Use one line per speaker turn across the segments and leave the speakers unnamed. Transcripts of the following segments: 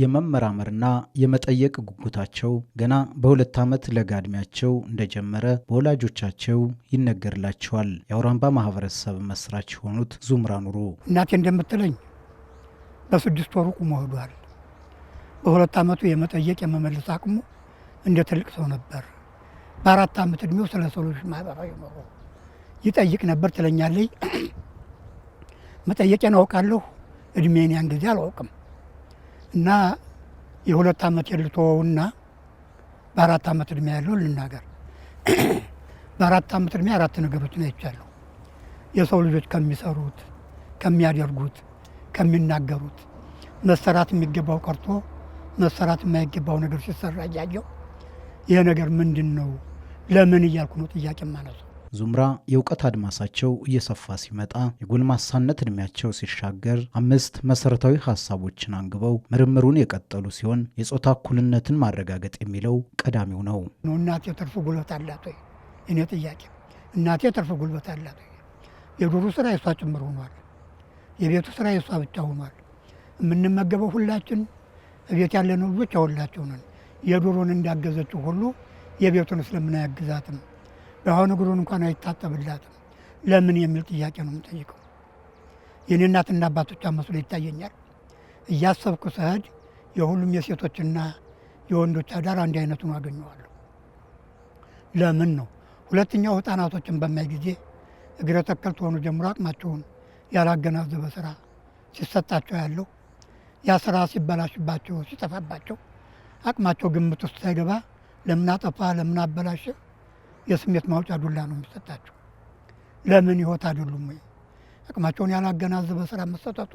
የመመራመርና የመጠየቅ ጉጉታቸው ገና በሁለት ዓመት ለጋ ዕድሜያቸው እንደጀመረ በወላጆቻቸው ይነገርላቸዋል። የአውራምባ ማህበረሰብ መስራች የሆኑት ዙምራ ኑሩ
እናቴ እንደምትለኝ በስድስት ወሩ ቁሞ ሄዷል። በሁለት ዓመቱ የመጠየቅ የመመለስ አቅሙ እንደ ትልቅ ሰው ነበር። በአራት ዓመት ዕድሜው ስለ ሰው ልጆች ማህበራዊ ኑሮ ይጠይቅ ነበር ትለኛለች። መጠየቄን አውቃለሁ። እድሜን ያን ጊዜ አላውቅም እና የሁለት ዓመት የልቶውና በአራት ዓመት እድሜ ያለው ልናገር። በአራት ዓመት እድሜ አራት ነገሮችን አይቻለሁ። የሰው ልጆች ከሚሰሩት፣ ከሚያደርጉት፣ ከሚናገሩት መሰራት የሚገባው ቀርቶ መሰራት የማይገባው ነገር ሲሰራ እያየው ይሄ ነገር ምንድን ነው ለምን እያልኩ ነው ጥያቄ ማነሱ
ዙምራ የእውቀት አድማሳቸው እየሰፋ ሲመጣ የጎልማሳነት ዕድሜያቸው ሲሻገር አምስት መሰረታዊ ሀሳቦችን አንግበው ምርምሩን የቀጠሉ ሲሆን የጾታ እኩልነትን ማረጋገጥ የሚለው ቀዳሚው ነው።
እናቴ ትርፍ ጉልበት አላት ወይ? እኔ ጥያቄ እናቴ ትርፍ ጉልበት አላት ወይ? የዶሩ ስራ የሷ ጭምር ሆኗል። የቤቱ ስራ የሷ ብቻ ሆኗል። የምንመገበው ሁላችን ቤት ያለነው ልጆች ያወላቸው ነን። የዶሮን እንዳገዘችው ሁሉ የቤቱን ስለምን አያግዛትም? በአሁኑ እግሩን እንኳን አይታጠብላትም። ለምን የሚል ጥያቄ ነው የምጠይቀው። የእኔ እናትና አባቶቿ መስሎ ይታየኛል። እያሰብኩ ስሄድ የሁሉም የሴቶችና የወንዶች አዳር አንድ አይነት አይነቱን አገኘዋለሁ። ለምን ነው? ሁለተኛው ሕፃናቶችን በማይ ጊዜ እግረ ተከል ተሆኑ ጀምሮ አቅማቸውን ያላገናዘበ ስራ ሲሰጣቸው ያለው ያ ስራ ሲበላሽባቸው ሲጠፋባቸው አቅማቸው ግምት ውስጥ ሳይገባ ለምን አጠፋ ለምን አበላሸ የስሜት ማውጫ ዱላ ነው የሚሰጣቸው። ለምን ህይወት አይደሉም ወይ? አቅማቸውን ያላገናዘበ ስራ መሰጠቱ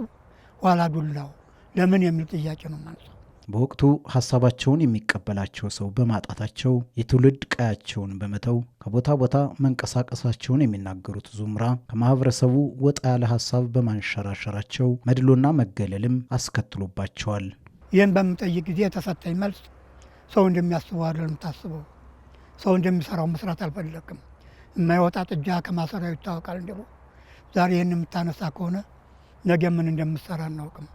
ኋላ ዱላው ለምን የሚል ጥያቄ ነው ማለት ነው።
በወቅቱ ሀሳባቸውን የሚቀበላቸው ሰው በማጣታቸው የትውልድ ቀያቸውን በመተው ከቦታ ቦታ መንቀሳቀሳቸውን የሚናገሩት ዙምራ ከማህበረሰቡ ወጣ ያለ ሀሳብ በማንሸራሸራቸው መድሎና መገለልም አስከትሎባቸዋል።
ይህን በምጠይቅ ጊዜ የተሰጠኝ መልስ ሰው እንደሚያስበው አይደለም ታስበው ሰው እንደሚሰራው መስራት አልፈለግም። የማይወጣ ጥጃ ከማሰሪያው ይታወቃል። እንደ ዛሬ ይህን የምታነሳ ከሆነ ነገ ምን እንደምሰራ አናውቅም።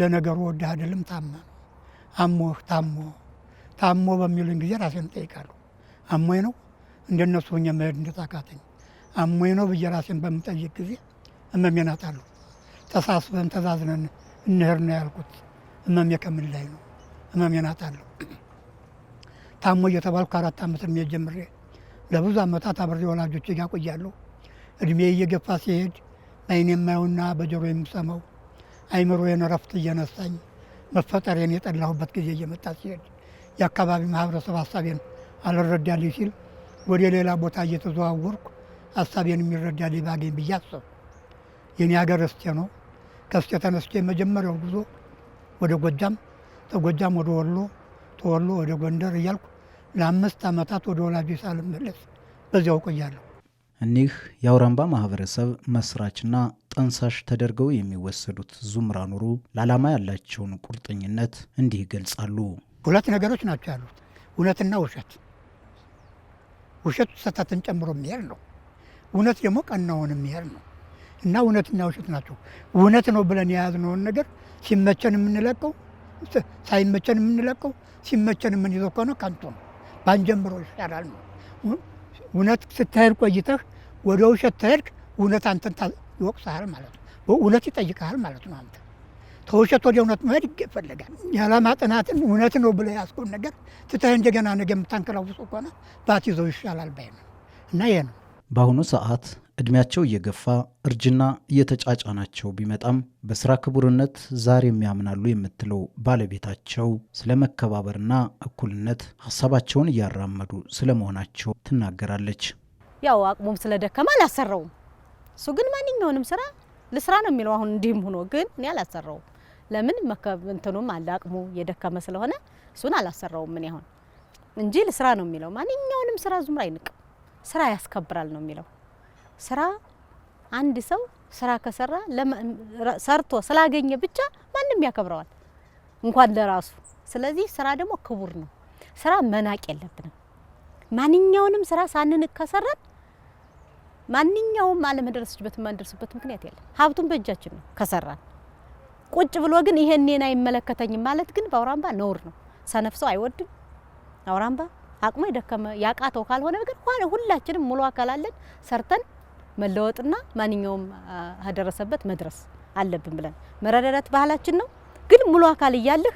ለነገሩ ወደ አይደለም ታማ አሞ ታሞ ታሞ በሚሉኝ ጊዜ ራሴን እጠይቃለሁ። አሞ ነው እንደነሱ ሆኜ መሄድ እንደታካተኝ አሞ ነው ብዬ ራሴን በምጠይቅ ጊዜ እመሜን አጣለሁ። ተሳስበን ተዛዝነን እንሄድ ነው ያልኩት እመሜ ከምን ላይ ነው? እመሜን አጣለሁ። ታሞ እየተባልኩ ከአራት ዓመት እድሜ ጀምሬ ለብዙ ዓመታት አብሬ ወላጆች ያቆያሉ። እድሜ እየገፋ ሲሄድ በዓይኔ የማየውና በጆሮ የምሰማው አይምሮዬን እረፍት እየነሳኝ መፈጠሬን የጠላሁበት ጊዜ እየመጣ ሲሄድ የአካባቢ ማህበረሰብ ሀሳቤን አልረዳልኝ ሲል ወደ ሌላ ቦታ እየተዘዋወርኩ ሀሳቤን የሚረዳልኝ ባገኝ ብዬ አሰብ የኔ ሀገር እስቴ ነው። ከእስቴ ተነስቼ የመጀመሪያው ጉዞ ወደ ጎጃም፣ ተጎጃም ወደ ወሎ፣ ተወሎ ወደ ጎንደር እያልኩ ለአምስት ዓመታት ወደ ወላጆች ሳልመለስ በዚያው ቆያለሁ።
እኒህ የአውራምባ ማህበረሰብ መስራችና ጠንሳሽ ተደርገው የሚወሰዱት ዙምራ ኑሩ ለዓላማ ያላቸውን ቁርጠኝነት እንዲህ ይገልጻሉ።
ሁለት ነገሮች ናቸው ያሉት፣ እውነትና ውሸት። ውሸቱ ስህተትን ጨምሮ የሚሄድ ነው። እውነት ደግሞ ቀናውን የሚሄድ ነው እና እውነትና ውሸት ናቸው። እውነት ነው ብለን የያዝነውን ነገር ሲመቸን የምንለቀው፣ ሳይመቸን የምንለቀው፣ ሲመቸን የምንይዘው ከሆነ ከንቱ ነው። ባንጀምሮ ይሻላል ነው። እውነት ስትሄድ ቆይተህ ወደ ውሸት ተሄድክ፣ እውነት አንተን ይወቅሳል ማለት ነው። እውነት ይጠይቀሃል ማለት ነው። አንተ ተውሸት ወደ እውነት መሄድ ይፈለጋል። የዓላማ ጥናትን እውነት ነው ብለህ ያስቆን ነገር ትተህ እንደገና ነገ የምታንከላውሱ ከሆነ ባት ይዘው ይሻላል ባይ ነው እና ይሄ ነው
በአሁኑ ሰዓት እድሜያቸው እየገፋ እርጅና እየተጫጫናቸው ቢመጣም በስራ ክቡርነት ዛሬም ያምናሉ የምትለው ባለቤታቸው ስለ መከባበርና እኩልነት ሀሳባቸውን እያራመዱ ስለመሆናቸው ትናገራለች።
ያው አቅሙም ስለደከመ አላሰራውም። እሱ ግን ማንኛውንም ስራ ልስራ ነው የሚለው። አሁን እንዲህም ሆኖ ግን እኔ አላሰራውም። ለምን እንትኑም አለ አቅሙ እየደከመ ስለሆነ እሱን አላሰራውም። እኔ አሁን እንጂ ልስራ ነው የሚለው። ማንኛውንም ስራ ዙምር አይንቅም። ስራ ያስከብራል ነው የሚለው። ስራ አንድ ሰው ስራ ከሰራ ሰርቶ ስላገኘ ብቻ ማንም ያከብረዋል እንኳን ለራሱ። ስለዚህ ስራ ደግሞ ክቡር ነው። ስራ መናቅ የለብንም። ማንኛውንም ስራ ሳንንቅ ከሰራን ማንኛውም ዓለም ደረሰችበት የማንደርስበት ምክንያት የለም። ሀብቱም በእጃችን ነው ከሰራን። ቁጭ ብሎ ግን ይሄን እኔን አይመለከተኝም ማለት ግን በአውራምባ ነውር ነው። ሰነፍ ሰው አይወድም አውራምባ አቅሞ የደከመ ያቃተው ካልሆነ ግን ሁላችንም ሙሉ አካል አለን ሰርተን መለወጥና ማንኛውም ከደረሰበት መድረስ አለብን ብለን መረዳዳት ባህላችን ነው። ግን ሙሉ አካል እያለህ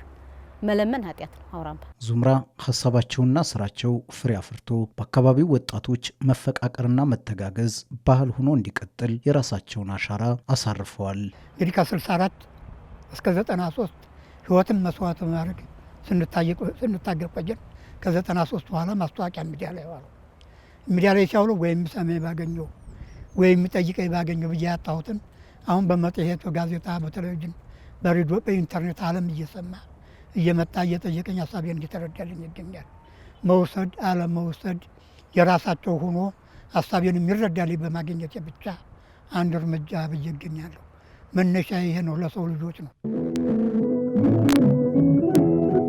መለመን ኃጢአት ነው። አውራምባ
ዙምራ ሀሳባቸውና ስራቸው ፍሬ አፍርቶ በአካባቢው ወጣቶች መፈቃቀርና መተጋገዝ ባህል ሆኖ እንዲቀጥል የራሳቸውን አሻራ አሳርፈዋል።
እንግዲህ ከ64 እስከ 93 ህይወትን መስዋዕት በማድረግ ስንታገል ቆየን። ከ93 በኋላ ማስታወቂያ ሚዲያ ላይ ዋለው። ሚዲያ ላይ ሲያውለው ወይም ሰሜ ባገኘው ወይም ጠይቀኝ ባገኘው ብዬ ያጣሁትን አሁን በመጽሔት በጋዜጣ በቴሌቪዥን በሬዲዮ በኢንተርኔት አለም እየሰማ እየመጣ እየጠየቀኝ ሀሳቤን እየተረዳልኝ ይገኛል። መውሰድ አለመውሰድ የራሳቸው ሆኖ ሀሳቤን የሚረዳልኝ በማግኘት ብቻ አንድ እርምጃ ብዬ እገኛለሁ። መነሻ ይሄ ነው፣ ለሰው ልጆች ነው።